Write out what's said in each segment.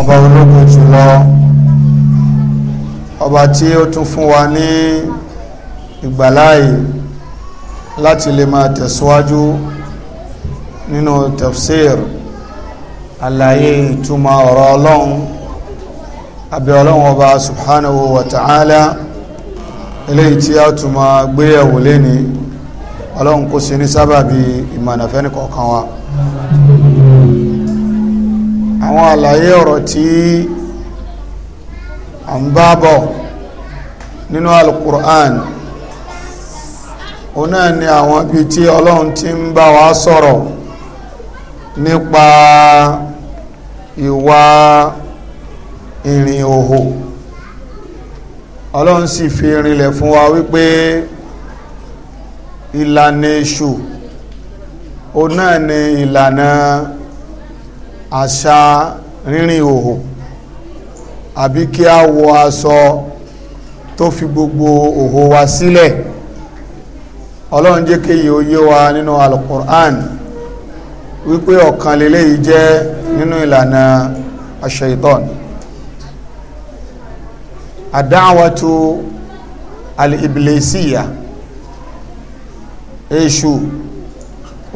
ọba ológo jùlọ ọba tí ó tún fún wa ní ìgbàláyè láti lè máa tẹ̀síwájú nínú tafsir àlàyé ìtumọ̀ ọ̀rọ̀ ọlọ́run abẹ́ ọlọ́run ọba subhanahu wa ta'ala eléyìí tí a tún máa gbéyẹ̀wò léni ọlọ́run kó ṣe ní sábàbí ìmọ̀nàfẹ́ni kọ̀ọ̀kan wa àwọn àlàyé ọ̀rọ̀ tí a ń bá bọ̀ nínú alukur'an òun náà ni àwọn ibi tí ọlọ́run ti ń bá wa sọ̀rọ̀ nípa ìwà ìrìn òhò ọlọ́run sì fi rinlẹ̀ fún wa wípé ìlànà èṣù òun náà ni ìlànà àṣà rínrin òhò àbí kí a wọ aṣọ tó fi gbogbo òhò wa sílẹ̀ ọlọ́run jẹ́ kéye oyé wa nínú alukur'an wípé ọ̀kan lélẹ́yìí jẹ́ nínú ìlànà aṣ-ṣaitan àdáwàtú alìbìlẹ̀síyà èṣù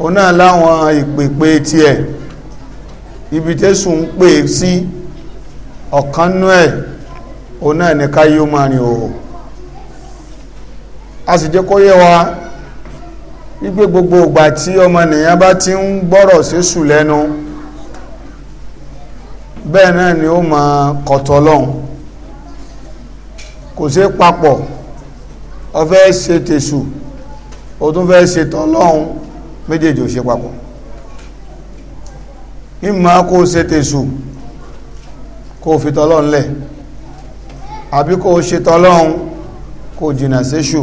òun láwọn ìpèpè tiẹ̀ ibi tẹ́sùn ń pè sí ọ̀kan nú ẹ̀ òun náà ní ká yóò máa rìn òhò a sì jẹ́ kó yé wa wípé gbogbo ìgbà tí ọmọnìyàn bá ti ń gbọ́rọ̀ séṣù lẹ́nu bẹ́ẹ̀ náà ni ó máa kọ̀tọ̀ lọ́hùn kò sí papọ̀ ó fẹ́ ṣe tèṣù ó tún fẹ́ ṣe tọ́lọ́hùn méjèèjì ò ṣe papọ̀ ìmọ̀ kó ṣe tèṣù kó fi tọ́lọ́n lẹ̀ àbí kó ṣe tọ́lọ́n kó jìnà séṣù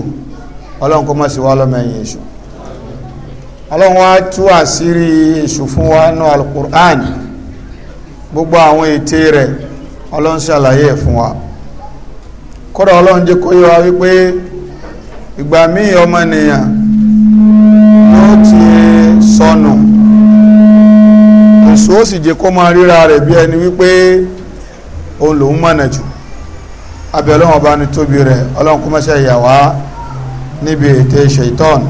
ọlọ́run kó mọ́ sí wá lọ́mẹ́yìn èṣù ọlọ́run wá tú àṣírí èṣù fún wa nínú alukur'an gbogbo àwọn ète rẹ̀ ọlọ́run ṣàlàyé ẹ̀ fún wa kódà ọlọ́run jẹ́ kó yé wa wípé ìgbà míì ọmọnìyàn yóò ti sọnù èso ó sì jẹ́ kó máa ríra rẹ̀ bí ẹni wípé òun lòun mọ̀nà jù abẹ́ ọlọ́run ọba ní tóbi rẹ̀ ọlọ́run kó mọ́ṣẹ́ ìyà wá níbi ètè ṣèitán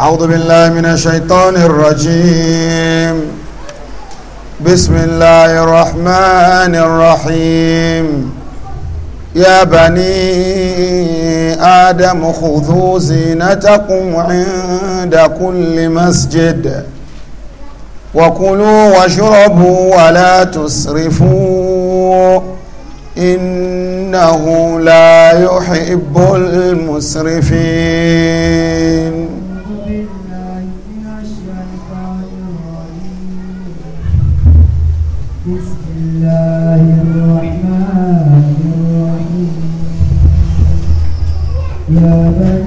أعوذ بالله من الشيطان الرجيم بسم الله الرحمن الرحيم يا بني آدم خذوا زينتكم عند كل مسجد وكلوا واشربوا ولا تسرفوا إنه لا يحب المسرفين Yeah,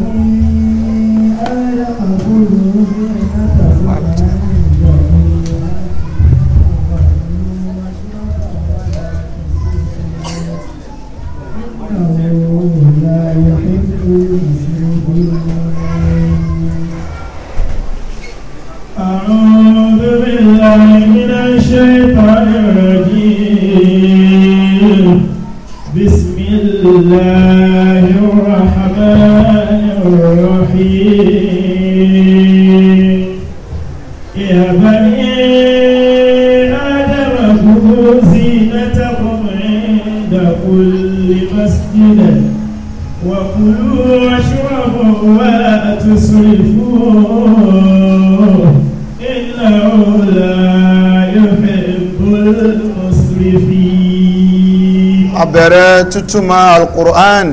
bẹ̀rẹ̀ tútúmọ̀ alukur'an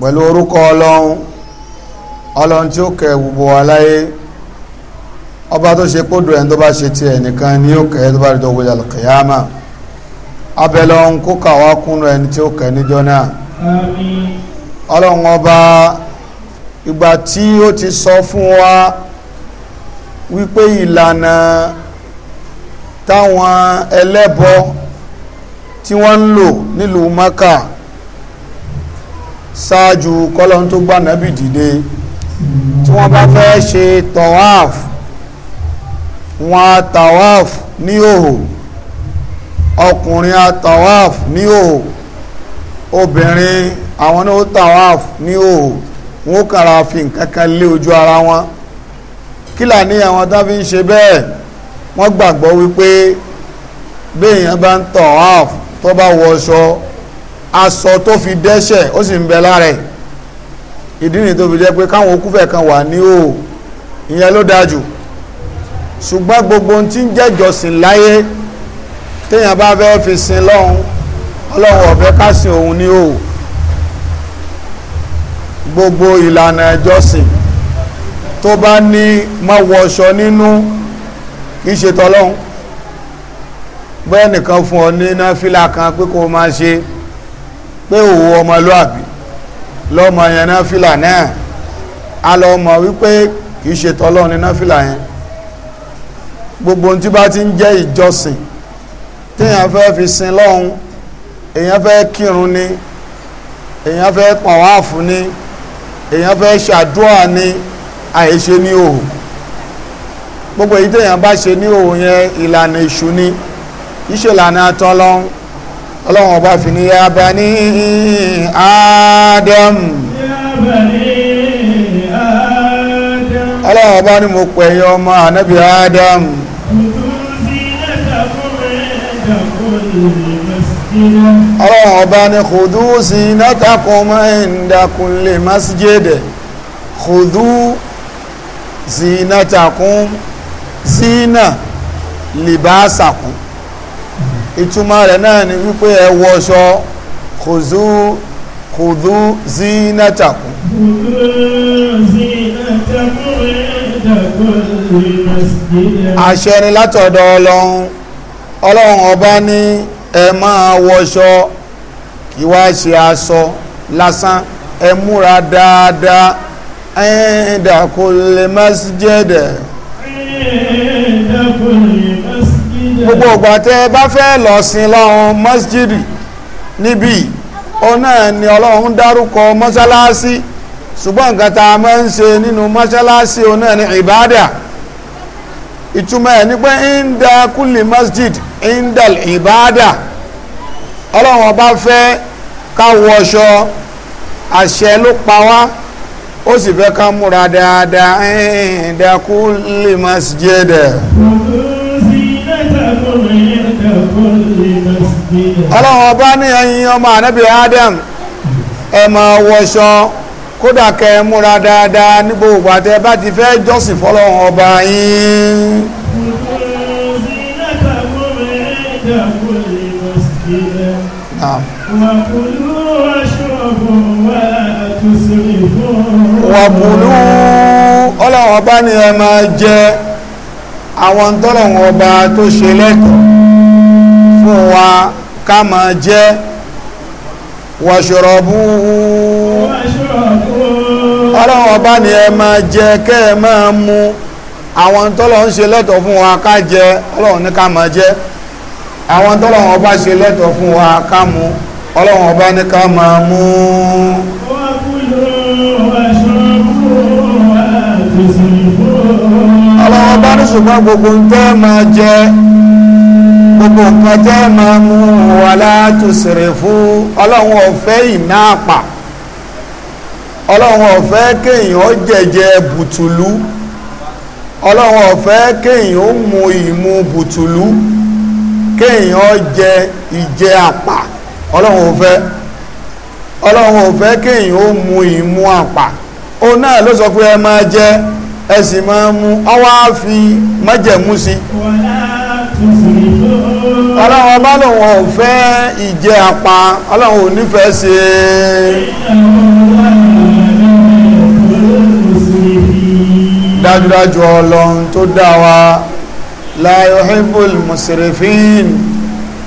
pẹ̀lú orúkọ ọlọ́run ọlọ́run tí ó kẹ́ gbogbo aláyé ọba tó ṣe kó ẹni tó bá ṣe tiẹ̀ nìkan ni ó kẹ́ tó bá rí dọ́gbọ́jà lọ́kẹ́yàmà abẹ́lọ́run kó kàwá kúnnú ẹni tí ó kẹ́ níjọ́ náà ọlọ́run ọba ìgbà tí ó ti sọ fún wa wípé ìlànà táwọn tí wọ́n ń lò nílùú maka ṣáájú kọ́lọ́n tó gbà nábì dìde tí wọ́n bá fẹ́ ṣe tawaf wọn a tawaf ní òhò ọkùnrin a tawaf ní òhò obìnrin àwọn náà tawaf ní òhò wọn ó kàrà fi nǹkan kan lé ojú ara wọn kílà ní àwọn tó fi ń ṣe bẹ́ẹ̀ wọ́n gbàgbọ́ wípé béèyàn bá ń tawaf tó bá wọṣọ aṣọ tó fi dẹ́ṣẹ̀ ó sì ń bẹ lára ẹ̀ ìdí nìyí tó fi jẹ́ pé káwọn okúfẹ̀ kan wà ní o ìyẹn ló dáa jù ṣùgbọ́n gbogbo ohun tí ń jẹ́jọsìn láyé téèyàn bá fẹ́ fi sin lọ́hùn ọlọ́run ọ̀fẹ́ ká sin òun ní o gbogbo ìlànà ìjọsìn tó bá ní mọ́wọ́ṣọ nínú kì í ṣe tọ́lọ́hùn bẹ́ẹ̀ nìkan fún ọ ní náfílà kan pé kó máa ṣe pé òwò ọmọlúàbí lọ́mọ yẹn náfílà náà a lọ mọ̀ wípé kìí ṣe tọ́lọ́ ní náfílà yẹn gbogbo tí bá ti ń jẹ́ ìjọsìn téèyàn fẹ́ fi sin lọ́hun èèyàn fẹ́ kírun ni èèyàn fẹ́ pàwáàfù ni èèyàn fẹ́ ṣàdúrà ni àìṣe ní òhò gbogbo èyí téèyàn bá ṣe ní òhò yẹn ìlànà èṣù ìṣèlànà tọ́lọ́n ọlọ́run ọba fi ní ya bani Adam ọlọ́run ọba ni mo pẹ̀yẹ ọmọ ànábì Adam ọlọ́run ọba ni khudu zinatakum inda kulli masjid khudu zinatakum zina libasakum ìtumọ̀ rẹ̀ náà ni wípé ẹ wọṣọ kòzú kòzú zínátàkùn àṣẹ ni látọ̀dọ̀ ọlọ́run ọlọ́run ọba ní ẹ máa wọṣọ kí wá ṣe aṣọ lásán ẹ múra dáadáa ẹ̀ẹ́dà kò lè má sí jẹ́dẹ̀ ẹ̀ẹ́dà gbogbo ọgbà tẹ́ bá fẹ́ lọ lọ́hun masjidi níbí ọ̀nà ni ọlọ́run dárúkọ ṣùgbọ́n nǹkan a máa ń ṣe nínú ọ̀nà ni ìbádà ìtumọ̀ ẹ̀ masjid ìbádà ọlọ́run ọba fẹ́ àṣẹ ló pa wá ó sì fẹ́ ká múra dáadáa ọlọ́run ọba ní ẹ̀yin ọmọ ànábì Adam ẹ máa wọṣọ kódà kẹ ẹ múra dáadáa ní gbogbo àtẹ bá ti fẹ́ jọ́sìn fọlọ́run ọba yín wàkùlú ọlọ́run ọba ní ẹ máa jẹ àwọn tọ́lọ́run ọba tó ṣe lẹ́tọ̀ọ́ mú wa ká máa jẹ wàṣọ̀rọ̀bù ọlọ́run ọba ni ẹ ma jẹ kẹ́ ẹ máa mú àwọn tọ́lọ̀ ń ṣe lẹ́tọ̀ fún wa ká jẹ ọlọ́run ní ká máa jẹ àwọn tọ́lọ̀ ọba ṣe lẹ́tọ̀ fún wa ká mu. ọlọ́run ọba ní ká máa mú ọlọ́run ọba ní ṣùgbọ́n gbogbo ń tẹ́ máa jẹ gbogbo nǹkan jẹ́ máa mú wala tusrifu ọlọ́run ọ̀fẹ́ ìná àpà ọlọ́run ọ̀fẹ́ kéèyàn jẹ̀jẹ̀ bùtùlú ọlọ́run ọ̀fẹ́ kéèyàn ó mu ìmu bùtùlú kéèyàn jẹ ìjẹ àpà ọlọ́run ọ̀fẹ́ ọlọ́run ọ̀fẹ́ kéèyàn ó mu ìmu àpà òun náà ló sọ pé ẹ máa jẹ ẹ sì máa mu ọwọ́ á fi májẹ̀mú sí ọlọ́run ọba lòun ò fẹ́ ìjẹ àpá ọlọ́run ò nífẹ̀ẹ́ sí dájúdájú ọlọ́run tó dá wa la yuhibbul musrifin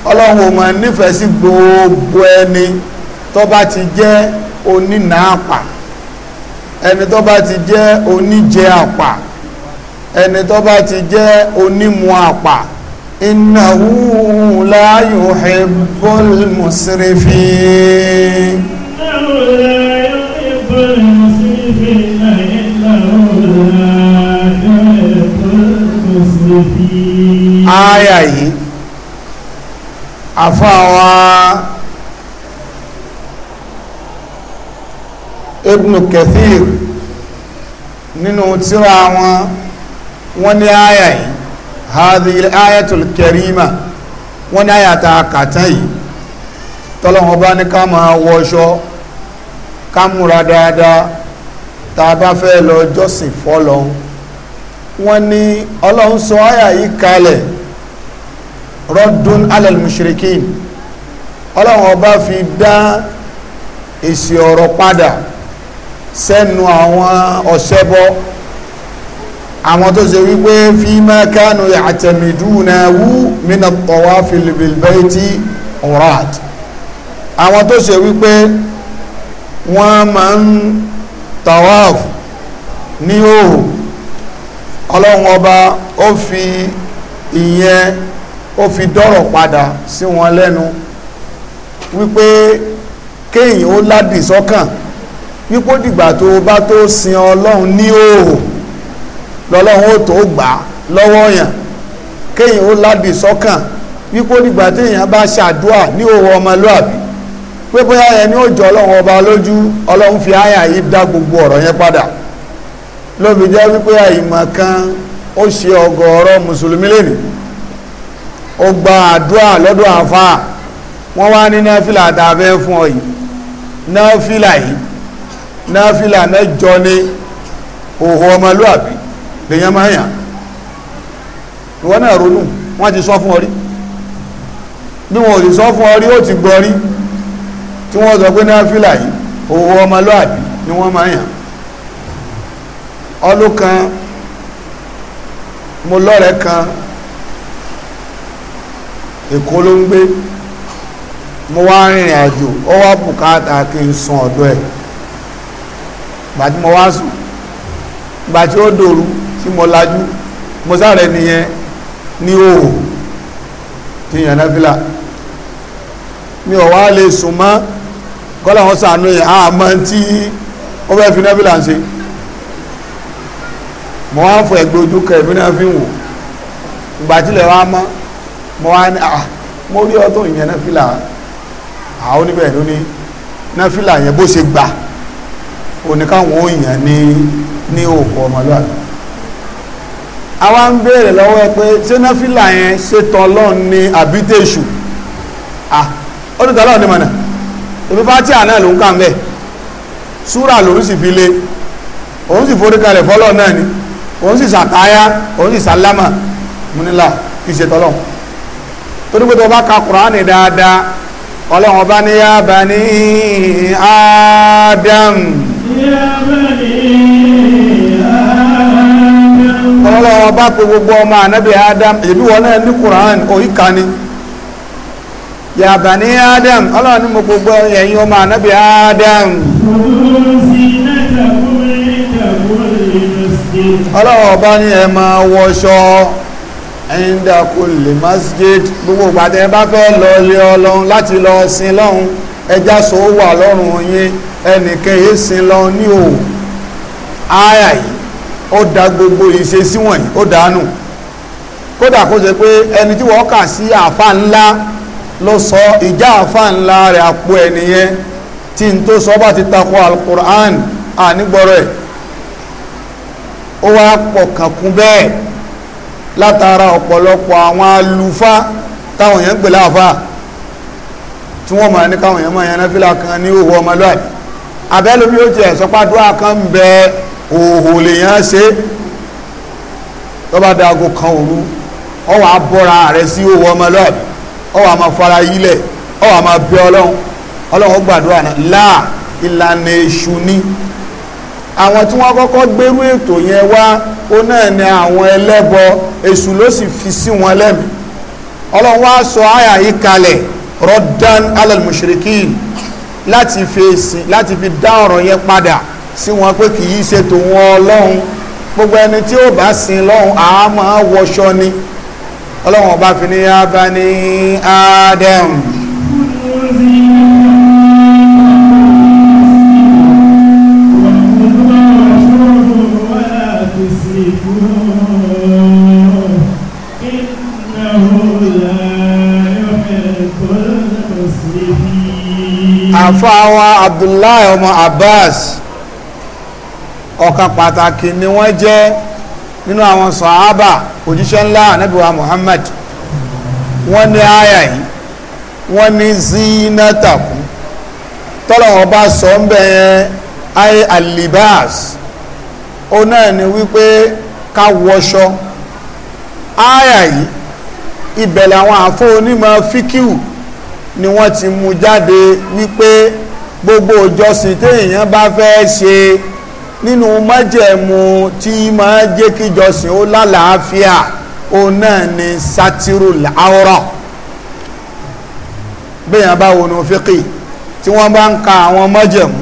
ọlọ́run ò mọ̀ nífẹ̀ẹ́ sí gbogbo ẹni tó bá ti jẹ́ onínàápà ẹni tó bá ti jẹ́ oníjẹ àpà ẹni tó bá ti jẹ́ onímu àpà إنه لا يحب المسرفين Aya yìí, àfáwa Ibn Kathir nínú tírà wọn, wọ́n ní aya yìí hadhihi ayatul karima wọ́n ní àyàtà kàtán yìí tọ́lọ́wọ́n bá ní ká máa wọṣọ ká múra dáadáa tá a bá fẹ́ lọ jọ́sìn fọ́lọ́hún wọ́n ní ọlọ́run sọ àyà yìí kalẹ̀ rọ́dún alal mushrikin ọlọ́run ọba fi dá èsì ọ̀rọ̀ padà sẹ́nu àwọn ọ̀ṣẹ́bọ àwọn tó ṣe wípé fíìmá kánú àtẹ̀mìdúnà wú mínà tọ̀wá fìlìbìlbẹ́ tí ọ̀rọ̀d àwọn tó ṣe wípé wọ́n máa ń tọ̀wá ní òhù ọlọ́run ọba ó fi ìyẹn ó fi dọ́rọ̀ padà sí wọn lẹ́nu wípé kéèyàn ó ládìí sọ́kàn wípé dìgbà tó bá tó sin ọlọ́run ní òhù lọ́lọ́run ó tó gbà lọ́wọ́ yàn kéèyàn ó lábì sọ́kàn wípé ó dìgbà téèyàn bá ṣàdúà ní òwò ọmọlúàbí pé bóyá ẹni ó jọ ọlọ́run ọba lójú ọlọ́run fi àyà yìí dá gbogbo ọ̀rọ̀ yẹn padà lóbi jẹ́ wípé àìmọ̀ kan ó ṣe ọ̀gọ̀ọ̀rọ̀ mùsùlùmí lẹ́nu ó gba àdúà lọ́dọ̀ àfáà wọ́n wá ní náfìlà tá fún ọ yìí náfìlà yìí náfìlà náà ní òhò ọmọlúàbí lèyàn máa yàn ìwọ náà ronú wọ́n ti sọ fún ọ rí bí wọn ò sì sọ fún ọ rí ó ti gbọ́ rí tí wọ́n sọ pé náà fìlà yìí owó ọmọlúàbí ni wọ́n máa yàn ọlọ́kan mo lọ́rẹ̀ẹ́ kan èkó ló ń gbé mo wá rìnrìn àjò ó wá bùkátà kí n sùn ọ̀dọ̀ ẹ̀ gbàtí mo wá sùn gbàtí ó dòru tí mo lajú mo sáré nìyẹn ní òhò tí yàn náfìlà mi ò wá lè sùn mọ́ kọ́lá wọn sànú yẹn àmọ́ tí ó fẹ́ fi náfìlà ń ṣe mo wá ń fọ ẹgbẹ́ ojú kẹ ìbí náà fi ń wò ìgbà tílẹ̀ wá mọ́ mo wá ní à ah, mo rí ọtún ìyẹn náfìlà àwọn oníbẹ̀rẹ̀ ló ní náfìlà yẹn bó ṣe gbà oníkàwọn òyìn ní ní òkú ọmọlúwàbí àwa ń béèrè lọ́wọ́ ẹ pé ṣé náfìlà yẹn ṣe tọ́lọ́ọ̀ ní àbítẹ́ṣù ah ó ní tọ́lọ́ọ̀ ní mọ̀nà ìbí fátíà náà ló ń kà ń bẹ̀ súrà lòún sì fi lé òun sì forí kalẹ̀ fọ́lọ́ọ̀ náà ni òun sì sàtáyà òun sì sálámà múnilá ìṣètọ́lọ́ọ̀ torí pé tó bá ka kùránì dáadáa ọlọ́run ọba ní yá Adam. yá bani Adam. ọlọ́wọ́ bá pe gbogbo ọmọ ànábì adam èbí wọn náà ní quran òyìnká ni yàbá ní adam ọlọ́wọ́ ní mo gbogbo ẹ̀yin ọmọ ànábì adam ọlọ́wọ́ bá ní ẹ máa wọṣọ ẹ̀yìndà kò lè masjid gbogbo ìgbàdẹ bá fẹ́ lọ lé ọlọ́run láti lọ sin lọ́run ẹjá sọ wà lọ́rùn yín ẹnìkan yìí sin lọ ní yìí ó da gbogbo ìṣesí wọ̀nyí ó dànù kódà kó ṣe pé ẹni tí wọ́n kà sí àfa ńlá ló sọ ìjà àfa ńlá rẹ̀ àpò ẹnìyẹn tí n tó sọ bá ti takò alukur'an ànígbọ́rọ̀ ẹ̀ ó wá pọ̀ kankun bẹ́ẹ̀ látara ọ̀pọ̀lọpọ̀ àwọn alufa táwọn èèyàn ń pè láàfa tí wọ́n máa ní káwọn èèyàn máa yan náfìlà kan ní òwò ọmọlúwàbí abẹ́lómi ó ti ẹ̀ sọ́pàdúrà kan bẹ́ẹ̀ òhò lèyàn ṣe lọ́ba dago kan òru ọwọ́ abọ́ra rẹ̀ sí òwò ọmọlọ́ọ̀bì ọwọ́ àmọ́ fara yílẹ̀ ọwọ́ àmọ́ bí ọlọ́run ọlọ́run gbàdúrà náà láà ìlànà èṣù ni àwọn tí wọ́n kọ́kọ́ gbérú ètò yẹn wá ó náà ni àwọn ẹlẹ́bọ èṣù ló sì fi sí wọn lẹ́mìí ọlọ́run wá sọ àyà yìí kalẹ̀ rọ́dán alal mushrikin láti fi dá ọ̀rọ̀ yẹn padà sí wọn pé kì í ṣe tòun ọlọ́run gbogbo ẹni tí ó bá sin lọ́run àá máa wọṣọ ni ọlọ́run ọba fi ní yába ní Adam. àfáà wa Abdullahi ọmọ Abbas ọ̀kan pàtàkì ni wọ́n jẹ́ nínú àwọn sàhábà òjíṣẹ́ ńlá anábìwá Muhammad wọ́n ní àyà yìí wọ́n ní zinataku tọ́lọ̀wọ́ bá sọ ń bẹ̀ yẹn ayé alibas ó náà ni wípé ká wọṣọ àyà yìí ibẹ̀ làwọn àfọ onímọ̀ fíkìwù ni wọ́n ti mú jáde wípé gbogbo ìjọsìn téèyàn bá fẹ́ ṣe nínú májẹ̀mú tí máa jẹ́ kíjọsìn ó lálàáfíà òun náà ni sátírù láwọ́rọ̀ bẹ́yàn bá wọnú fíkì tí wọ́n bá ń ka àwọn májẹ̀mú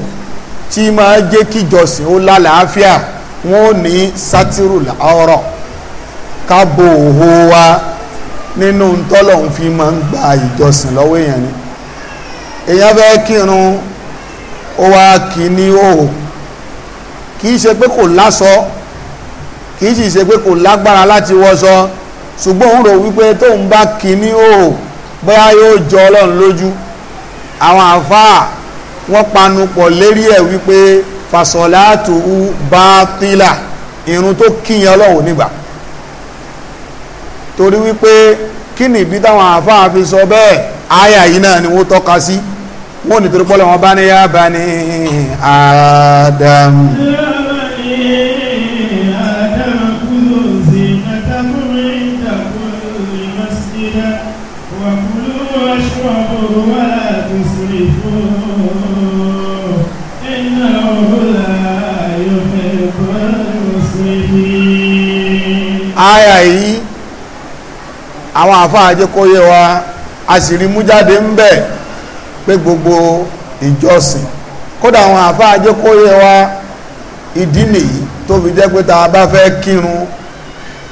tí máa jẹ́ kíjọsìn ó lálàáfíà wọ́n ò ní sátírù láwọ́rọ̀ ká bo òhò wa nínú tọ́lọ̀ ń fi máa ń gba ìjọsìn lọ́wọ́ èèyàn ni èèyàn fẹ́ kírun ó wá kí ní òhò kìí ṣe pé kò láṣọ kìí sì ṣe pé kò lágbára láti wọṣọ ṣùgbọ́n òun rò wípé tóun bá kíní o bóyá yóò jọ ọlọ́run lójú àwọn àfáà wọ́n panu pọ̀ lérí ẹ̀ wípé fasọ̀láàtù bátìlà irun tó kíyàn ọlọ́run nígbà torí wípé kí ni ìdí táwọn àfáà fi sọ bẹ́ẹ̀ àyà yìí náà ni wọ́n tọ́ka sí wọ́n nítorí pọ́lọ́ wọn bá ní yá bá ní ádámù. àyà yìí àwọn àfáà jẹ́ kó yé wa a sì rí mú jáde ń bẹ̀ pé gbogbo ìjọsìn kódà àwọn àfáà jẹ́ kó yé wa ìdí nìyí tó fi jẹ́ pé tá bá fẹ́ kírun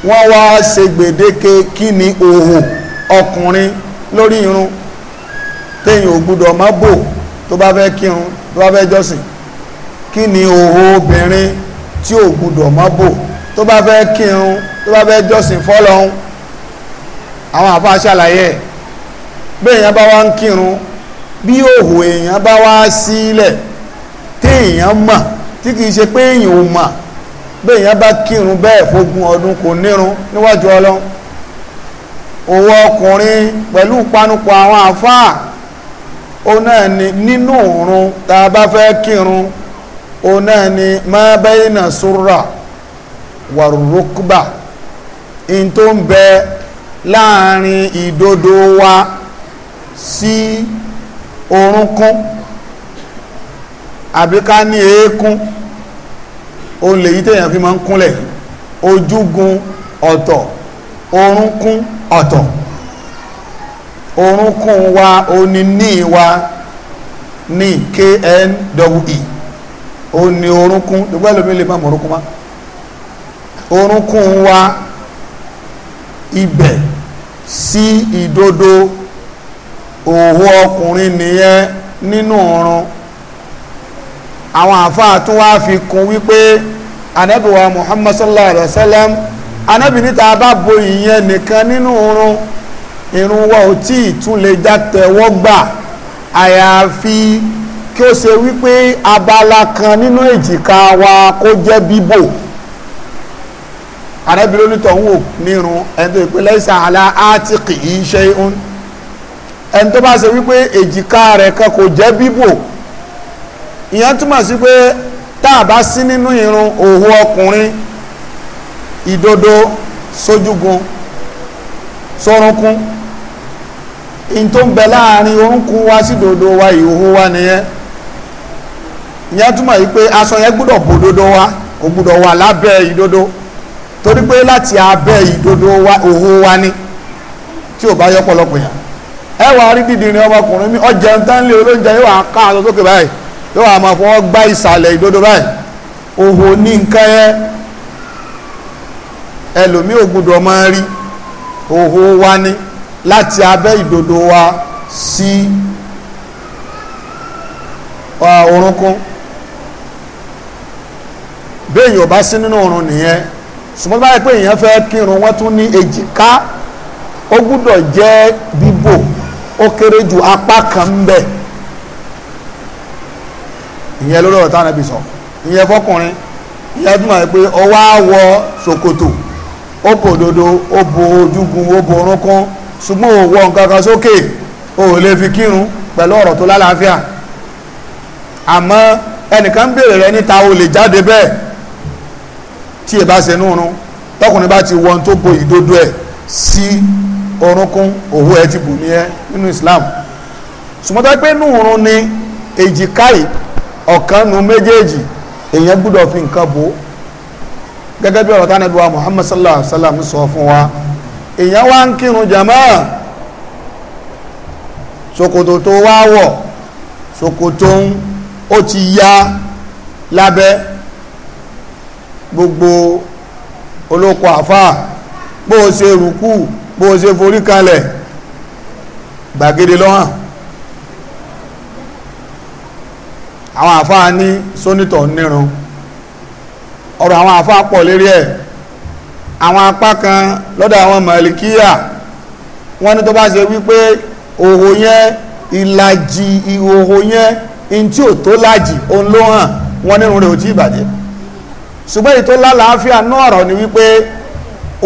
wọ́n wá ṣe gbèdéke kí irun téèyàn ò gbúdọ̀ má bò tó bá fẹ́ kírun tó bá fẹ́ jọ́sìn kí ni òhò obìnrin tí ò gbúdọ̀ má bò tó bá fẹ́ kírun tó bá fẹ́ jọ́sìn fọ́lọ́hún àwọn àfa ṣàlàyé ẹ̀ bí èèyàn bá wá ń kírun bí òhò èèyàn bá wá sílẹ̀ téèyàn mọ̀ tí kìí ṣe pé èèyàn ò mọ̀ béèyàn bá kírun bẹ́ẹ̀ fógún ọdún kò nírun níwájú ọlọ́run òwò ọkùnrin pẹ̀lú ìpanupọ̀ àwọn àfáà òun náà ni nínú òrun tá a bá fẹ́ kírun òun náà ni ma bayna surra wa rukba in tó ń bẹ láàrin ìdodo wa sí orúnkún àbí ká ní eékún òun lèyí téèyàn fi máa ń kúnlẹ̀ ojúgun ọ̀tọ̀ orúnkún ọ̀tọ̀ orunkun wa òní ni wa ni kne e. òní orúnkún gbogbo ẹlòmí lè má mọ orunkun wa ibe sí ìdodo òwò ọkùnrin nìyẹn nínú orun àwọn àfáà tún wá fi kun wípé ànábì wa muhammad sallallahu alaihi wa sallam ànábì níta bá bo ìyẹn nìkan nínú irun wa ò tí ì tún lè já tẹ́wọ́ gbà àyàfi kí ó ṣe wípé abala kan nínú èjìká wa kó jẹ́ bíbò arábìnrin onítọ̀hún ò nírun ẹni tó ìpínlẹ̀ ìsàlá átíkì yìí ṣe ń ẹni tó bá ṣe wípé èjìká rẹ̀ kan kò jẹ́ bíbò ìyẹn túmọ̀ sí pé tá a bá sí nínú irun òhun ọkùnrin ìdodo sójúgun sórúnkún in tó ń bẹ láàrin orúnkún wá sí dòdò wa ìhòhò wa nìyẹn ìyẹn túmọ̀ pé aṣọ yẹn gbúdọ̀ bò wa kò gbúdọ̀ wà lábẹ́ ìdodo torí pé láti abẹ́ ìdodo wa òhò wa ni tí ò bá yọ pọ̀lọpọ̀ yà ọmọkùnrin mi ọjà ń tán lé olóúnjẹ yóò ká sókè báyìí yóò máa fọwọ́ gbá ìsàlẹ̀ báyìí òhò ní òhò wa ni láti abẹ́ ìdodo wa sí orunkun béèyàn ò bá sí nínú òrùn nìyẹn ṣùgbọ́n báyìí pé èèyàn fẹ́ kírun wọ́n tún ní èjìká ó gbúdọ̀ jẹ́ bíbò ó kéré ju apá kan ń ìyẹn lórí ọ̀tá nàbì sọ ìyẹn fọkùnrin ìyẹn túmọ̀ ọwọ́ wọ ó bò òdodo ó bo ojúgun ó bo orúnkún ṣùgbọ́n ò wọ sókè ò lè fi kírun pẹ̀lú ọ̀rọ̀ tó lálàáfíà àmọ́ ẹnìkan béèrè rẹ níta o lè jáde bẹ́ẹ̀ tí ìbá ṣe nú irun tọkùnrin bá ti wọ ohun tó bo ìdodo ẹ̀ sí orúnkún òwú ẹ ti bù ní ẹ nínú Islam sùmọ́tà pé nú irun ni èjìká ọ̀kan nu méjèèjì èèyàn gbúdọ̀ fi nǹkan bò ó gẹ́gẹ́ bí ọ̀rọ̀ tánàbí wa Muhammad sallallahu alaihi wasallam sọ fún wa èèyàn wá ń kírun jàmáà ṣòkòtò tó wá wọ̀ ṣòkòtò ó ti ya lábẹ́ gbogbo olóko àfáà bó o ṣe rùkú bó o ṣe forí kalẹ̀ gbàgede lọ́hàn àwọn àfáà ní sónítọ̀ nírun ọ̀rọ̀ àwọn àfáà pọ̀ lérí ẹ̀ àwọn apá kan lọ́dọ̀ àwọn màlìkíyà wọ́n ní tó bá ṣe wípé òhò yẹn ìlàjì ìhòhò yẹn in tí ò tó lájì òun ló hàn wọ́n nínú rẹ̀ ò tí ìbàjẹ́ ṣùgbọ́n èyí tó lálàáfíà náà ọ̀rọ̀ ni wípé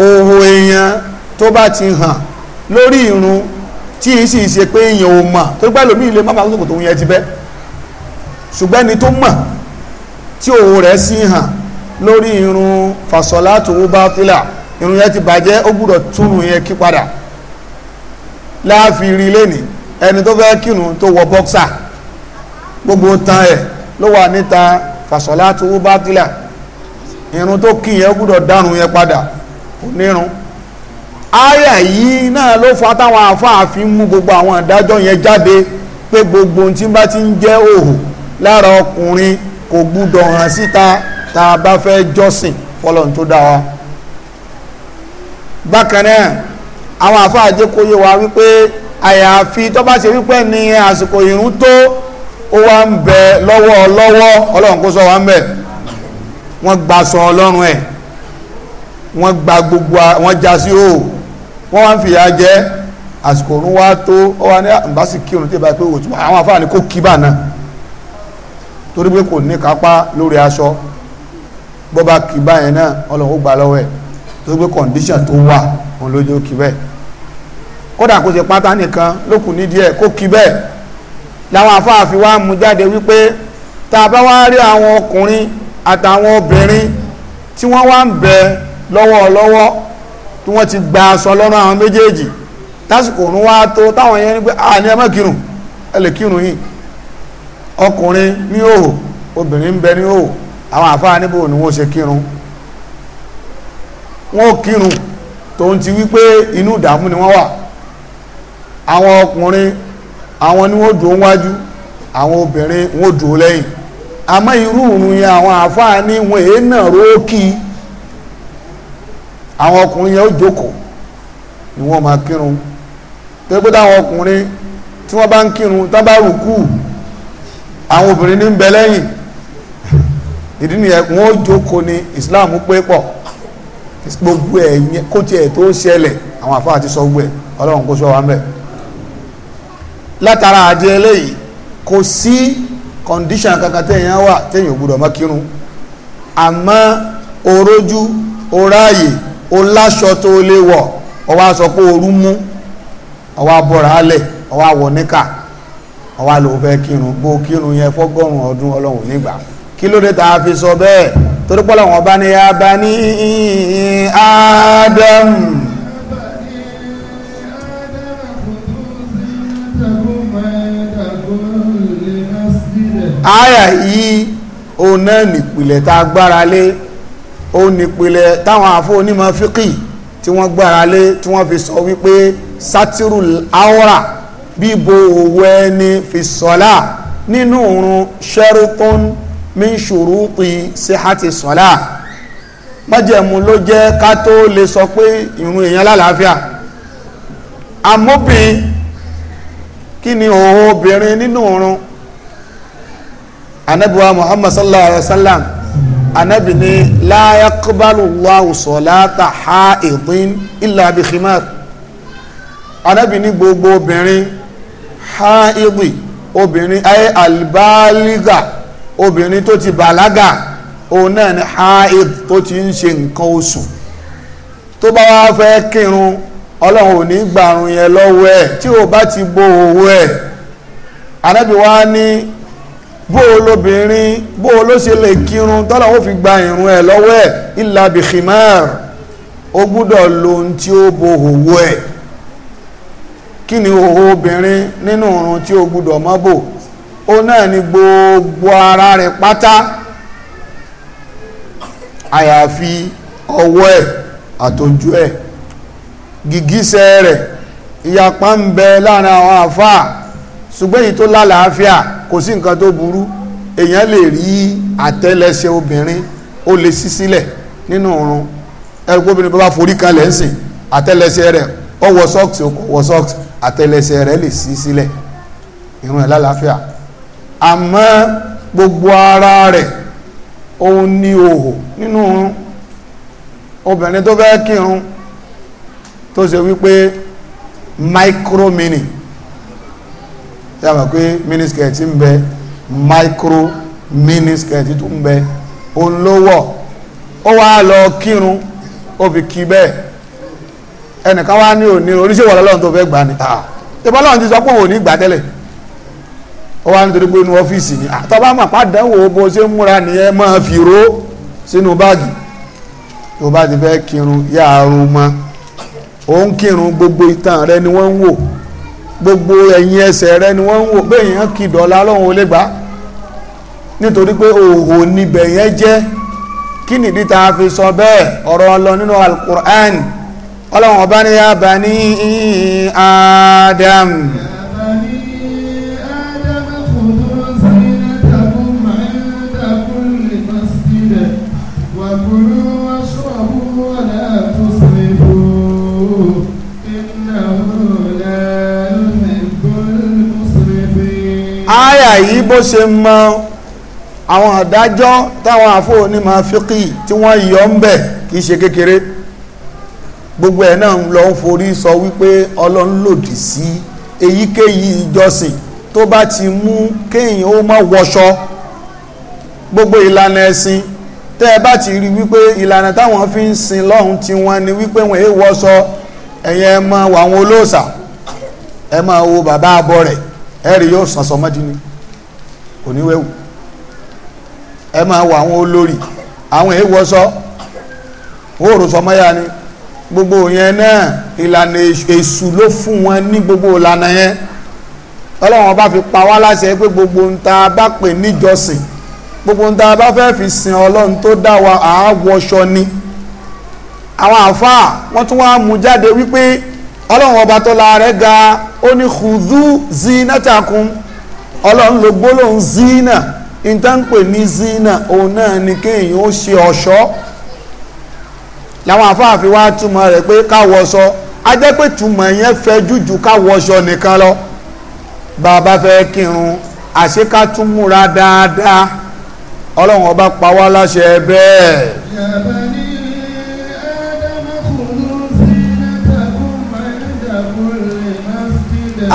òhò èèyàn tó bá ti hàn lórí irun tí yìí sì ṣe pé èèyàn ò mọ̀ tó gbẹ́ lómi ilé mọ́bà tó tó ń yẹ ti bẹ́ ṣùgbọ́n ẹni tó mọ̀ tí òhò rẹ̀ sì hàn lórí irun fasolatu batila irun yẹn ti bàjẹ́ ó gbúdọ̀ túrun yẹn kí padà láàfin rí lẹ́nìí ẹni tó fẹ́ kírun tó wọ bọ́ksà gbogbo tan ẹ̀ ló wà níta fasolatu batila irun tó kí yẹn ó gbúdọ̀ dárun yẹn padà kò nírun àyà yìí náà ló fa táwọn afáàfin mú gbogbo àwọn ìdájọ́ yẹn jáde pé gbogbo tí bá ti ń jẹ́ òhò lára ọkùnrin kò gbúdọ̀ hàn síta tá a bá fẹ́ jọ́sìn fọlọ́n tó dá wa bákan náà àwọn àfáà jẹ́ kó yé wa wípé àyàfi tó bá ṣe wípé ní àsìkò ìrun tó ó wá ń bẹ lọ́wọ́ lọ́wọ́ ọlọ́run kó sọ wá ń bẹ wọ́n gba sọ ọlọ́run ẹ̀ wọ́n gba gbogbo wọ́n já sí o wọ́n wá ń fìyà jẹ àsìkò òun wá tó ó wá ní àǹbásí kírun tí ìbá pé òtún àwọn àfáà ni kò kí bà náà torí pé kò ní kápá lórí aṣọ bó bá kì báyẹn náà ọlọ́run ó gbà lọ́wọ́ ẹ̀ tó gbé condition tó wà òun lójó kì bẹ́ẹ̀ kódà kó ṣe pátá nìkan lókùn nídìí ẹ̀ kó kì bẹ́ẹ̀ làwọn afáàfin wa mú jáde wípé tá a bá wá rí àwọn ọkùnrin àtàwọn obìnrin tí wọ́n wá ń bẹ lọ́wọ́lọ́wọ́ tí wọ́n ti gba aṣọ lọ́rùn àwọn méjèèjì tásìkò òun wá tó táwọn yẹn ní pé à ní ẹ kírun ẹ lè kírun yìí ọkùnrin ní òhò obìnrin ń bẹ ní òhò àwọn àfáà níbò ni wọ́n ṣe kírun wọ́n kírun tó ń ti wípé inú ìdààmú ni wọ́n wà àwọn ọkùnrin àwọn ni wọ́n dùn wájú àwọn obìnrin wọ́n dùn lẹ́yìn àmọ́ irú òun yẹn àwọn àfáà ní wọn èé náà rókì àwọn ọkùnrin yẹn ó jókòó ni wọ́n máa kírun tó pé táwọn ọkùnrin tí wọ́n bá ń kírun tá rùkú àwọn obìnrin ní ń bẹ lẹ́yìn ìdí ni wọn ò ní Islam pé pọ̀ gbogbo ẹ̀ kó ẹ̀ tó ṣẹlẹ̀ àwọn àfáà ti sọ gbogbo ẹ̀ ọlọ́run kó sọ wa mẹ́ látara eléyìí kò sí kankan wà kírun àmọ́ orójú oráàyè oláṣọ tó wọ̀ ọwọ́ pé mú ọwọ́ abọ́ra alẹ̀ ọwọ́ níkà ọwọ́ àlòfẹ́ kírun bó kírun yẹn fọ́gọ́rùn-ún ọdún ọlọ́run nígbà kí ló dé tá a fi sọ bẹ́ẹ̀ torí pọ́lọ̀ wọn bá ní ya bani Adam àyà yìí òun náà nìpìlẹ̀ tá a gbára lé òun nìpìlẹ̀ táwọn àfọ onímọ̀ fíkì tí wọ́n gbára lé tí wọ́n fi sọ wípé sátírù áwọ́rà bíbo òwò ẹni fi sọ́lá nínú òrun ṣẹ́rùtún min shuruti sihati salah májẹ̀mú ló jẹ́ ká tó lè sọ pé ìrun èèyàn lálàáfíà amóbìn kí ni òun obìnrin nínú òrun anabiwa muhammad sallallahu alaihi wa sallam anabi ni la yaqbalu Allahu salata ha'idin illa bi khimar anabi ni gbogbo obìnrin ha'idi obìnrin ayé albaliga obìnrin tó ti bàlágà òun náà ni haid tó ti ń ṣe nǹkan oṣù tó bá wá fẹ́ kírun ọlọ́run ò ní gbàrún yẹn lọ́wọ́ ẹ̀ tí ò bá ti bo òwò ẹ̀ anábì wa ní bó o lóbìnrin bó o ló ṣe lè kírun tọ́lá ó fi gba ìrun ẹ̀ lọ́wọ́ ẹ̀ ìlà bìkìmáàr ó gbúdọ̀ lo ohun tí ó bo òwò ẹ̀ kí ni òwò obìnrin nínú ìrun tí ó gbúdọ̀ má bò o náà ni gbogbo ara rẹ̀ pátá àyàfi ọwọ́ ẹ̀ àtọ́jú ẹ̀ gìgísẹ̀ rẹ̀ ìyapa ń bẹ láàrin àwọn àfáà ṣùgbọ́n èyí tó lálàáfíà kò sí nǹkan tó burú èèyàn lè rí obìnrin ó lè ṣí nínú obìnrin bá forí ń sìn rẹ̀ wọ wọ rẹ̀ lè ṣí sílẹ̀ ẹ̀ àmọ́ gbogbo ara rẹ̀ òun òhò nínú obìnrin tó fẹ́ kírun tó ṣe wípé micro mini yàrá pé miniskirt ń bẹ micro miniskirt tó ń bẹ òun ló wọ̀ ó wá lọ kírun ó fi kí bẹ́ẹ̀ ẹnìkan wá ní òní oníṣèwọ̀ lọ́lọ́run tó fẹ́ gbà ní ta ó wá nítorí pé inú ọ́fíìsì ni àtọ́bá mà pàdánwò bó ṣe ń múra nìyẹn máa fi ró sínú báàgì tó bá ti fẹ́ kírun yá arun mọ́ ó ń kírun gbogbo itan rẹ ni wọ́n ń wò gbogbo ẹ̀yìn ẹsẹ̀ rẹ ni wọ́n ń wò bẹ́ẹ̀ yẹn kì dọ̀la lọ́hùn ó lè gbà nítorí pé òhò níbẹ̀ yẹn jẹ́ kí nìdí tá fi sọ bẹ́ẹ̀ ọ̀rọ̀ ọlọ nínú alukur'an ọlọ́run ọba ní yá bani adam. Yeah. كلوا واشربوا ولا تسرفوا إنه لا يحب المسرفين آية yìí bó ṣe mọ àwọn àdájọ́ táwọn àfóò ní máa fíkì tí wọ́n yọ ń bẹ̀ kì í ṣe kékeré gbogbo ẹ̀ náà lọ ń forí sọ wípé ọlọ́run lòdì sí èyíkéyìí ìjọsìn tó bá ti mú kéèyàn ó má wọṣọ gbogbo ìlànà ẹ̀sìn tẹ́ ẹ bá ti rí wípé ìlànà táwọn fi ń sin lọ́hùn tí wọ́n ni wípé wọ́n èèwọ̀ sọ ẹ̀yẹ ẹ mọ àwọn olóòṣà ẹ mọ wo bàbá abọ rẹ̀ ẹ rí yóò sàn sọmọdé ni kò ní wẹ́wù ẹ mọ wo àwọn olórí àwọn èèwọ̀ sọ òòrò sọmọyà ni gbogbo yẹn náà ìlànà èṣù ló fún wọn ní gbogbo ìlànà yẹn ọlọ́wọ́n bá fi pa wá láṣẹ pé gbogbo ń ta bá pè níjọsìn gbogbo ń ta bá fẹ́ fi sin ọlọ́run tó dá wa àáwọṣọ ni àwọn àfáà wọ́n tún wá mú jáde wípé ọlọ́run ọba tọ́lá rẹ̀ ga ó ní khudhu zinatakum ọlọ́run ló gbólóhùn zina ìtànpè ní zina òun náà ni kéèyàn ó ṣe ọ̀ṣọ́ làwọn àfáà fi wá túmọ̀ rẹ̀ pé káwọṣọ a jẹ́ pé túmọ̀ yẹn fẹ́ jújù káwọṣọ nìkan lọ bàbá fẹ́ kírun àṣeká dáadáa ọlọ́run ọba pa wá láṣẹ bẹ́ẹ̀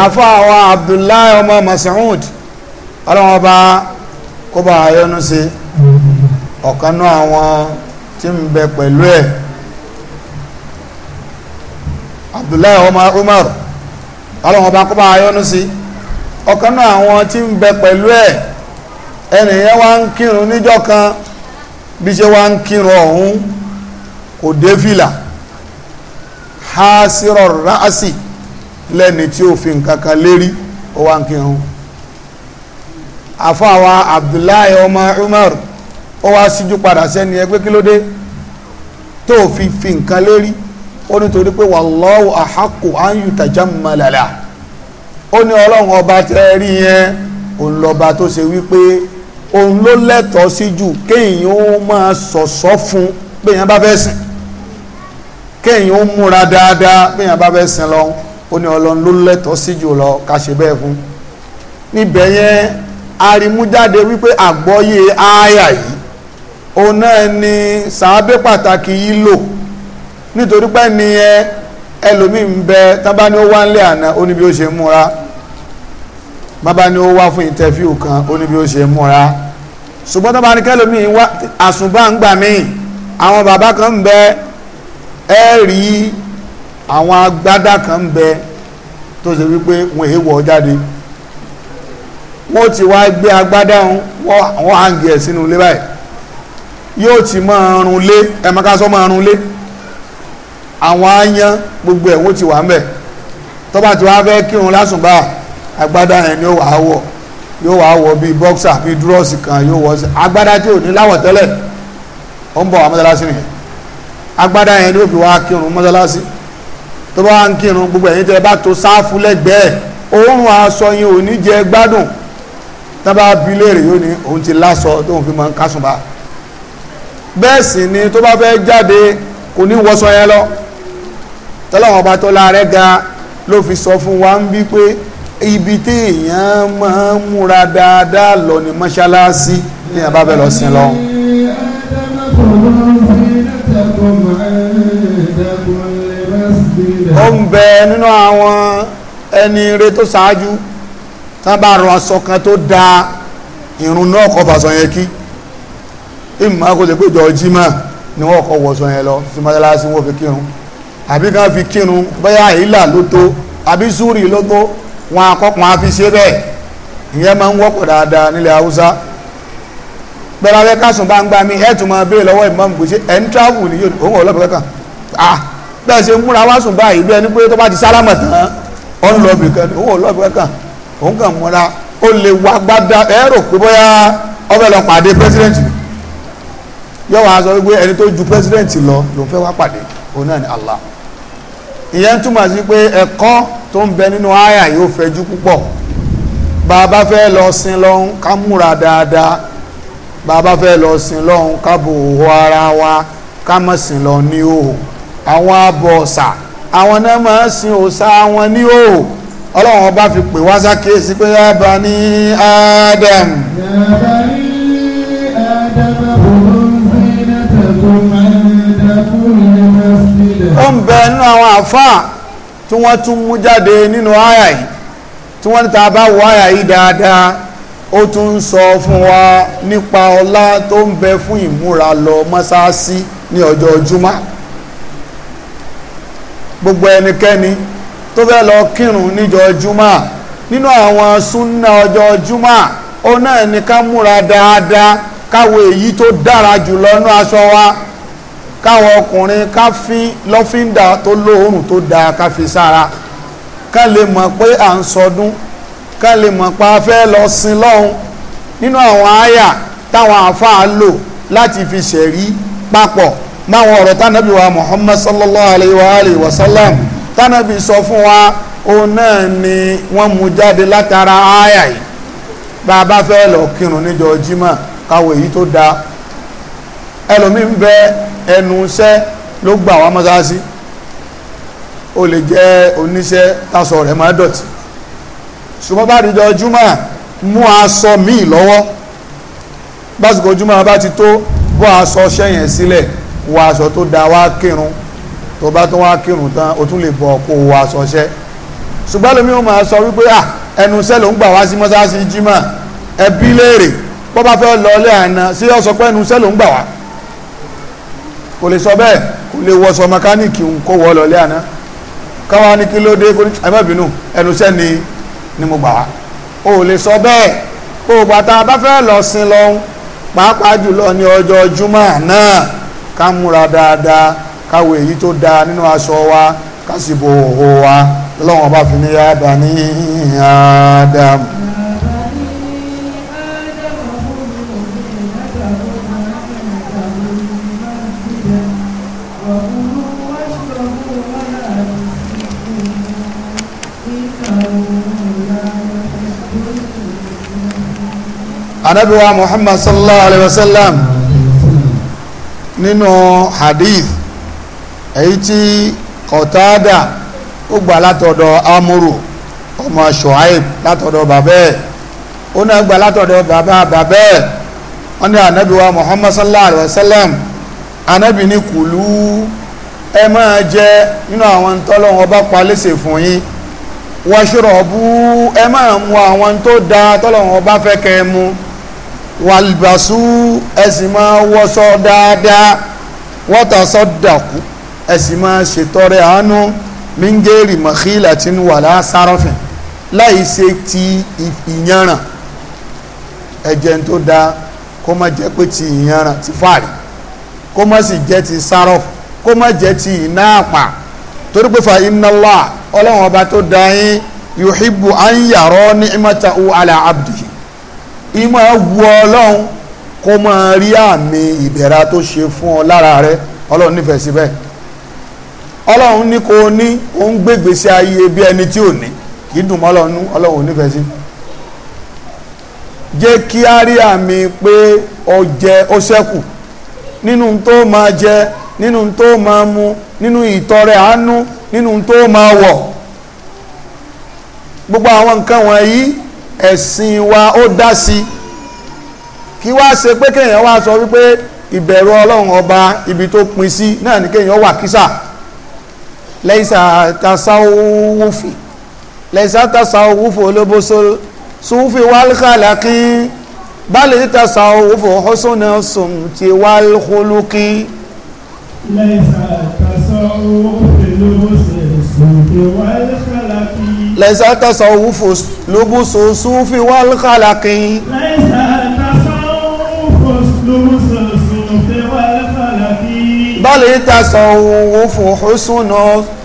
awa abdullahi ọmọ masoud ọlọ́run ọba kó bá ayọ́nu sí ọ̀kanú àwọn tí ń bẹ pẹ̀lú ẹ̀ abdullahi ọmọ umar ọlọ́run ọba kó bá ayọ́nu sí ọ̀kanú àwọn tí ń bẹ pẹ̀lú ẹ̀ ẹnìyẹn wa ń kírun níjọ́ kan bí ṣe wá ń kírun ọ̀hún kò dé fìlà hásírọ̀ ráàsì lẹ́ni tí ó fi nǹkan kan lérí ó ń kírun àfọwà Abdullahi ọmọ Umar ó wá síjú padà sẹ́ni ẹ kí ló dé tó fi fi nǹkan lérí ó nítorí pé wallahu ahaqqu an yutajammalala ó ní ọlọ́run ọba tẹ́ òun lọ́ba tó ṣe wípé òun ló lẹ́tọ̀ọ́ sí jù kéèyàn ó máa sọ̀sọ́ fún béèyàn bá fẹ́ sìn kéèyàn ó múra dáadáa béèyàn bá fẹ́ sìn lọ ó ní ọlọ́run ló lẹ́tọ̀ọ́ sí jù lọ ká ṣe bẹ́ẹ̀ fún níbẹ̀ yẹn arimújáde wípé àgbọ́yé ááyà yìí òun náà ni sàábé pàtàkì yìí lò nítorí pé ni ẹ ẹlòmíì ń bẹ tábání ó wá ń àná ó ní bí ó ṣe múra má bá ní ó wá fún interview kan ó ní bí ó ṣe múra ṣùgbọ́n tó bá ní kẹ́lómi wá àsùnbáǹgbà míì àwọn bàbá kan ń bẹ ẹ rí àwọn agbádá kan ń bẹ tó ṣe wípé wọn èèwọ̀ jáde wọ́n ti wá gbé agbádá wọn hàǹgì ẹ̀ sínú ilé báyìí yóò ti máa run lé ẹ máa run lé àwọn aáyán gbogbo ẹ̀ wọ́n ti wà ń bẹ̀ tó bá ti wá fẹ́ kírun lásùnbà agbada yẹn ni ó wàá wọ̀ yóò wàá wọ̀ kan yóò wọ̀ sí tí ò ní láwọ̀ tẹ́lẹ̀ ó ń bọ̀ wá mọ́sálásí fi wá kírun mọ́sálásí tó bá ń kírun gbogbo ẹ̀yin tẹ́ bá tó sáfù lẹ́gbẹ̀ẹ́ òórùn aṣọ yẹn ò ní gbádùn bá léèrè yóò ní òun ti fi máa ń kásùn bá bẹ́ẹ̀ sì lọ tọ́lọ́wọ́n ga ló fi sọ fún wa ń bí ibi tí èèyàn máa ń múra dáadáa lọ ní mọ́ṣáláṣí ní àbábẹ́ lọ sí lọ. ó ń bẹ nínú àwọn ẹni rẹ tó ṣáájú tán bá rọ aṣọ kan tó dáa ìrun náà kọ́ fàṣọ yẹn kí ìmọ̀ kò lè péjọ jimá ni wọ́n kọ́ wọ̀ṣọ yẹn lọ sí mọ́ṣáláṣí wọ́n fi kírun àbí kan fi kírun bóyá ìlà ló tó àbí súrì ló tó wọn akọkùn afi ṣe bẹ́ẹ̀ ìyẹn máa ń wọ́pọ̀ dáadáa nílẹ̀ haúsá pẹ̀lú abẹ́ kásùn bá ń gbá mi ẹ̀tù máa béèrè lọ́wọ́ ìmọ̀ mùgbò ṣe ẹ̀ ń tíráàbù ní yóò òun ọ̀lọ́pẹ̀ kankan ah bẹ́ẹ̀ ṣe múra wá sùn báyìí bí ẹni pé tó bá ti sálámà tán ọ̀n lọ́ọ̀bì kan òun ọ̀lọ́pẹ̀ kankan òun kàn múra ó lè wá gbádá ẹ rò pé bóyá ọbẹ̀ lọ pàdé pẹ́sidẹ́ǹtì yóò wá sọ wípé ẹni tó ju pẹ́sidẹ́ǹtì lọ lòun fẹ́ wá pàdé òun náà ni Allah ìyẹn túmọ̀ sí pé ẹ̀kọ́ tó ń bẹ nínú àyà yóò fẹjú púpọ̀ bá a bá fẹ́ lọ sin lọ́hún ká múra dáadáa bá fẹ́ lọ sin lọ́hún ká bò wọ ara wa ká má sin lọ ní òhò àwọn abọ̀ ọ̀sà àwọn náà máa ń sin òòṣà wọn ní òhò ọlọ́run ọba fi pè wá sákèésí pé yá bá ní Adam. yá Adam ọ̀hún zinatakun máa ń ó ń bẹ nínú àwọn àfáà. tí wọ́n tún mú jáde nínú àyà yìí tí wọ́n níta bá wọ àyà yìí dáadáa ó tún sọ fún wa nípa ọlá tó ń bẹ fún ìmúra lọ mọ́sáàsì ní ọjọ́ júmọ́ gbogbo ẹnikẹ́ni tó fẹ́ lọ kírun níjọ́ júmọ́ nínú àwọn súnà ọjọ́ júmọ́ ọ náà ní ká múra dáadáa káwọ èyí tó dára jùlọ káwọn ọkùnrin ká fi lọ́fíńdà tó lóòórùn tó dáa káfí fi sára ká lè mọ̀ pé à ń sọdún ká lè mọ̀ pa afẹ́ lọ sin lọ́hun nínú àwọn àyà táwọn àáfàá lò láti fi ṣẹ̀rí papọ̀ máwọn ọ̀rọ̀ tánàbí wa Muhammad sallallahu alayhi wa alayhi wa sallam tánàbí sọ fún wa òun náà ni wọ́n mú jáde látara àyà yìí bá a bá fẹ́ lọ kírun níjọ́ Jímọ̀ káwọ èyí tó dáa ẹlòmíín bẹ́ẹ̀ ẹnu iṣẹ́ ló gbà wá mọ́sáàsì ó lè jẹ́ oníṣẹ́ tásọ rẹ̀ máa dọ̀tí ṣùgbọ́n bá dìjọ júmọ̀ mú aṣọ míì lọ́wọ́ básìkò júmọ̀ bá ti tó bọ́ aṣọ ṣẹ́yìn sílẹ̀ wọ aṣọ tó da wá kírun tó bá tó wá kírun tán o tún lè bọ̀ kó wọ aṣọ ṣẹ́ ṣùgbọ́n lómi ó máa sọ wípé à ẹnu iṣẹ́ ló ń gbà wá sí mọ́sáàsì jímọ̀ ẹbí léèrè bọ́ bá fẹ́ lọ ilé àná sí ọ̀sọ̀ ẹnu iṣẹ́ ló ń gbà wá kò lè sọ bẹ́ẹ̀ kò lè wọṣọ mẹkáníìkì òun kó wọ́ lọ́lẹ́ àná káwa ní kí ló dé kó ní ẹ ẹnu iṣẹ́ ni ni mo gbà á o ò lè sọ bẹ́ẹ̀ kó o gbà tá a bá fẹ́ lọ sin lọ́hún pàápàá jùlọ ní ọjọ́ júmọ̀ náà ká múra dáadáa káwọ èyí tó dáa nínú aṣọ wa ká sì bò ó lọ́wọ́n bá fi ní yá bá ní Ádámù. anabiwa muhammad sallallahu alayhi wa sallam nínú hadith èyí tí kọ̀tádà ó gbà látọ̀dọ̀ amúrù ọmọ ṣùháìb látọ̀dọ̀ bàbẹ́ ó náà gbà látọ̀dọ̀ bàbá bàbẹ́ wọ́n ní anabiwa muhammad sallallahu alayhi wa sallam anabi ní kùlú ẹ máa jẹ nínú àwọn tọ́lọ́wọ́n bá pa léṣe fún yín wọ́n ṣòro ọ̀bú ẹ máa mu àwọn tó da tọ́lọ́wọ́n bá fẹ́ kẹ́ mu wàlbàṣú ẹ̀sìn máa wọṣọ dáadáa wọ́tà sọ́dàkú ẹ̀sìn máa ṣètọrẹ àánú mingeri mọ̀kílà tí ń wà lásàrọ̀fẹ̀ láì ṣe ti ìyanràn ẹ̀jẹ̀ tó dáa kó má jẹ́ pé ti ìyanràn ti fàárì kó má sì jẹ́ ti sárọ̀fù kó má jẹ́ ti iná àpà torí pé fa iná lọ́à ọlọ́run ọba tó dá yín yuhibbu an yàrá ní ìmọ̀ta u ala abdihi ìmọ̀ wu ọlọ́run kó máa rí àmì ìbẹ̀ra tó ṣe fún ọ lára rẹ ọlọ́run nífẹ̀ẹ́ síbẹ̀ ọlọ́run ní kò ní ó ń gbégbèsè ayé bí ẹni tí ò ní kì í dùn mọ́ ọlọ́run ọlọ́run ò nífẹ̀ẹ́ sí jẹ́ kí á rí àmì pé ó jẹ ó ṣẹ́kù nínú tó máa jẹ nínú tó máa mu nínú ìtọrẹ àánú nínú tó máa wọ̀ gbogbo àwọn nǹkan wọ̀nyí ẹ̀sìn wa ó dá sí kí wá ṣe pé kéèyàn wá sọ wípé ìbẹ̀rù ọlọ́run ọba ibi tó pin sí náà ni kéèyàn wà kísà lẹ́yìnsà tasawufi lẹ́yìnsà tasawufi olóbóso sufi wálkàlákì báàlì tasawufi hosùnà sùmtì wálkólókì. lẹ́yìnsà tasawufi olóbóso sùmtì wálkàlákì. ليس تصوف اسلوب صوف والخلق ليس تصوف اسلوب صوف والخلق بل تصوف حسن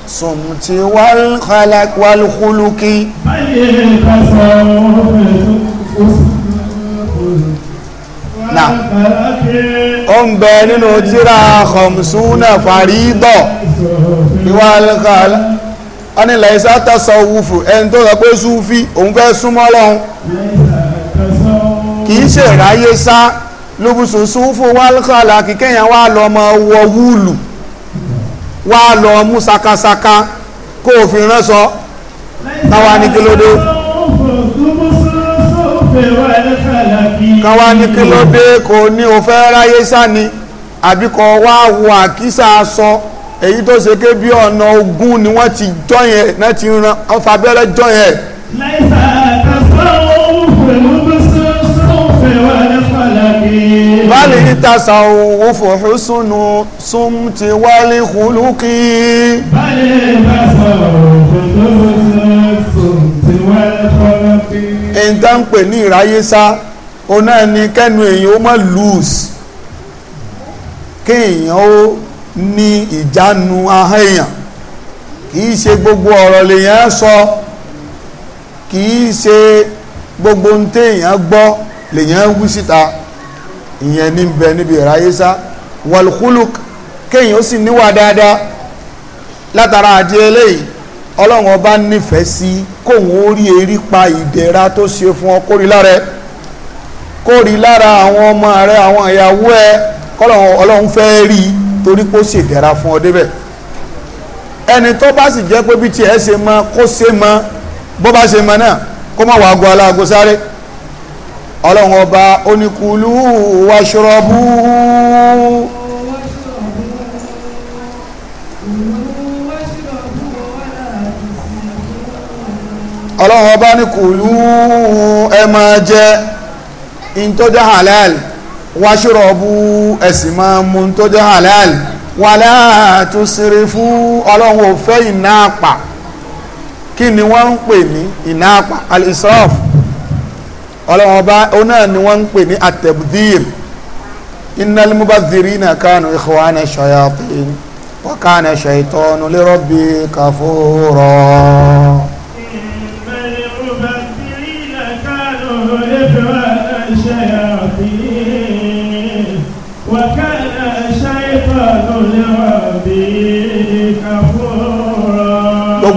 الصمت والخلق والخلق بل تصوف نعم ó ń bẹ nínú tíra khamsuna faridọ ìwà alkala a ní lẹ́yìnsá tàṣà òwúfù ẹni tó sọ pé súfí òun fẹ́ súnmọ́ lọ́hun kì í ṣe ráyé sá lóbùsù súfù wà lọ́kàlà kíkẹ́yàn wà lọ ọmọ wọ wúlù wà lọ mú sakasaka kó òfin ránṣọ táwa ní kí káwa ní kí kò ní o fẹ́ ráyé sá ni àbíkọ wá wọ àkísà sọ. So èyí tó ṣe ké bí ọ̀nà ogún ni wọ́n ti jọ yẹn náà ti ran ọfà abẹ́rẹ́ jọ yẹn. láìsà àtàsáwọ̀ òfò òfòfè wà ní fàlàbí. báàlì ìtàsà òfò òsùnù sún ti wálé hulùkì. báàlì ìtàsà òfò òsùnù ti wálé hulùkì. èyí tá ń pè ní ìráyésá ọ̀nà ni kẹ́nu èèyàn ó má lùs kéèyàn ó ní ìjánu ahọ́n èèyàn kìí ṣe gbogbo ọ̀rọ̀ lèèyàn sọ kìí ṣe gbogbo ń téèyàn gbọ́ lèèyàn wí síta ìyẹn ní bẹ níbi ìráyésá wàlúkúlùk kéèyàn ó sì níwà dáadáa látara àti eléyìí ọlọ́run ọba nífẹ̀ẹ́ sí kóhun ó rí erí pa ìdẹ̀ra tó ṣe fún ọ kórìí lára kórìí lára àwọn ọmọ rẹ àwọn ìyàwó ẹ kọ́lọ́run ọlọ́run fẹ́ rí i torí kó sì dẹ̀ra fún ọ débẹ̀ ẹni tó bá sì jẹ́ pé bí tiẹ̀ ṣe mọ kó ṣe mọ bó bá ṣe mọ náà kó má wàá gun aláàgó sáré ọlọ́run ọba oníkulú wàṣọrọ́bù ọlọ́run ọba oníkulú ẹ máa jẹ ìtọ́jà halal wáṣúrọ̀bù ẹ̀sìn máa mú tó jẹ́ halal wàlá tusrifu fún ọlọ́run ò fẹ́ ìná àpà kí ni wọ́n ń pè ní ìná àpà al-israf ọlọ́run ọba ó náà ni wọ́n ń pè ní at-tabdhir innal mubadhdhirina kanu ikhwana shayatin wa kana shaytanu li rabbi kafura.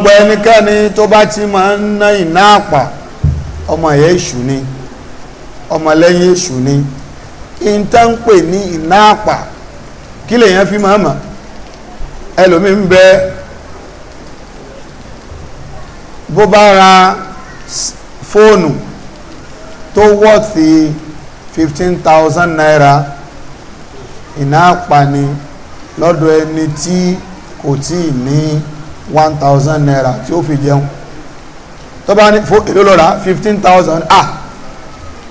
gbogbo ẹnikẹ́ni tó bá ti ma ń ná iná àpà ọmọ ẹ̀yẹ èṣù ni ọmọlẹ́yìn èṣù ni ìntánpè ní iná àpà kí lèyàn fi máa mọ̀ ẹlòmí bẹ bó bá ra fóònù tó wọ́ọ̀tì fifteen thousand naira iná àpà ni lọ́dọ̀ ẹni tí kò tí ì ní. one thousand naira tí ó fi jẹun tó bá ní fún èlò lọ́ra fifteen thousand ah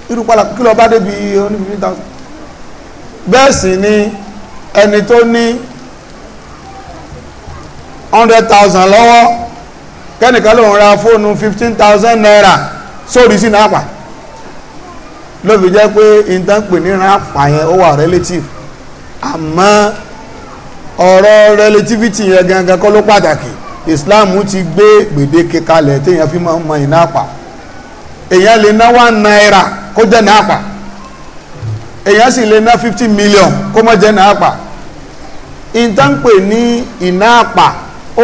irú pàlà kí lọ bá débi oní fifteen thousand bẹ́ẹ̀ sì ni ẹni tó ní hundred thousand lọ́wọ́ kẹ́nìkan lòun ra fóònù fifteen thousand naira sórí sínú àpà ló fi jẹ́ pé nǹkan pè ní ránpà yẹn ó wà relative àmọ́ ọ̀rọ̀ relativity yẹn gangan kọ́ ló pàtàkì islam ti gbé gbèdéke kalẹ̀ téèyàn fi máa ń mọ iná àpà èèyàn lè ná one naira kó jẹ́ ní àpà èèyàn sì lè ná fifty million kó má jẹ́ ní ìtànpè ní iná àpà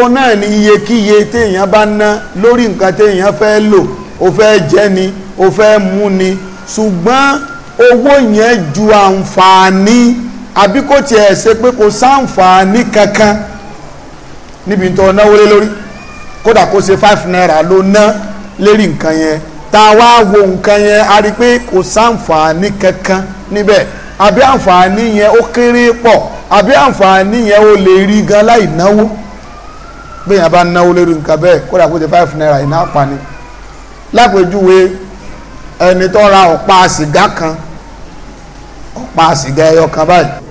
ó náà ní iyekíye téèyàn bá ná lórí nǹkan téèyàn fẹ́ lò ó fẹ́ jẹ ni ó fẹ́ mú ni ṣùgbọ́n owó yẹn ju àǹfààní àbí kò tiẹ̀ ṣe pé kò sáǹfààní kankan níbi tó náwó lé lórí kódà kó ṣe five naira ló ná lérí nǹkan yẹn tá a wá wo nǹkan yẹn a rí i pé kò sáǹfààní kankan níbẹ̀ àbí àǹfààní yẹn ó kéré pọ̀ àbí àǹfààní yẹn ó lè rí gan láì náwó bẹ́ẹ̀ yẹn bá náwó lórí nǹkan bẹ́ẹ̀ kódà kó ṣe five naira iná pa ni lápèjúwe ẹni tó ra ọ̀pá sìgá kan ọ̀pá sìgá ẹyọ kan báyìí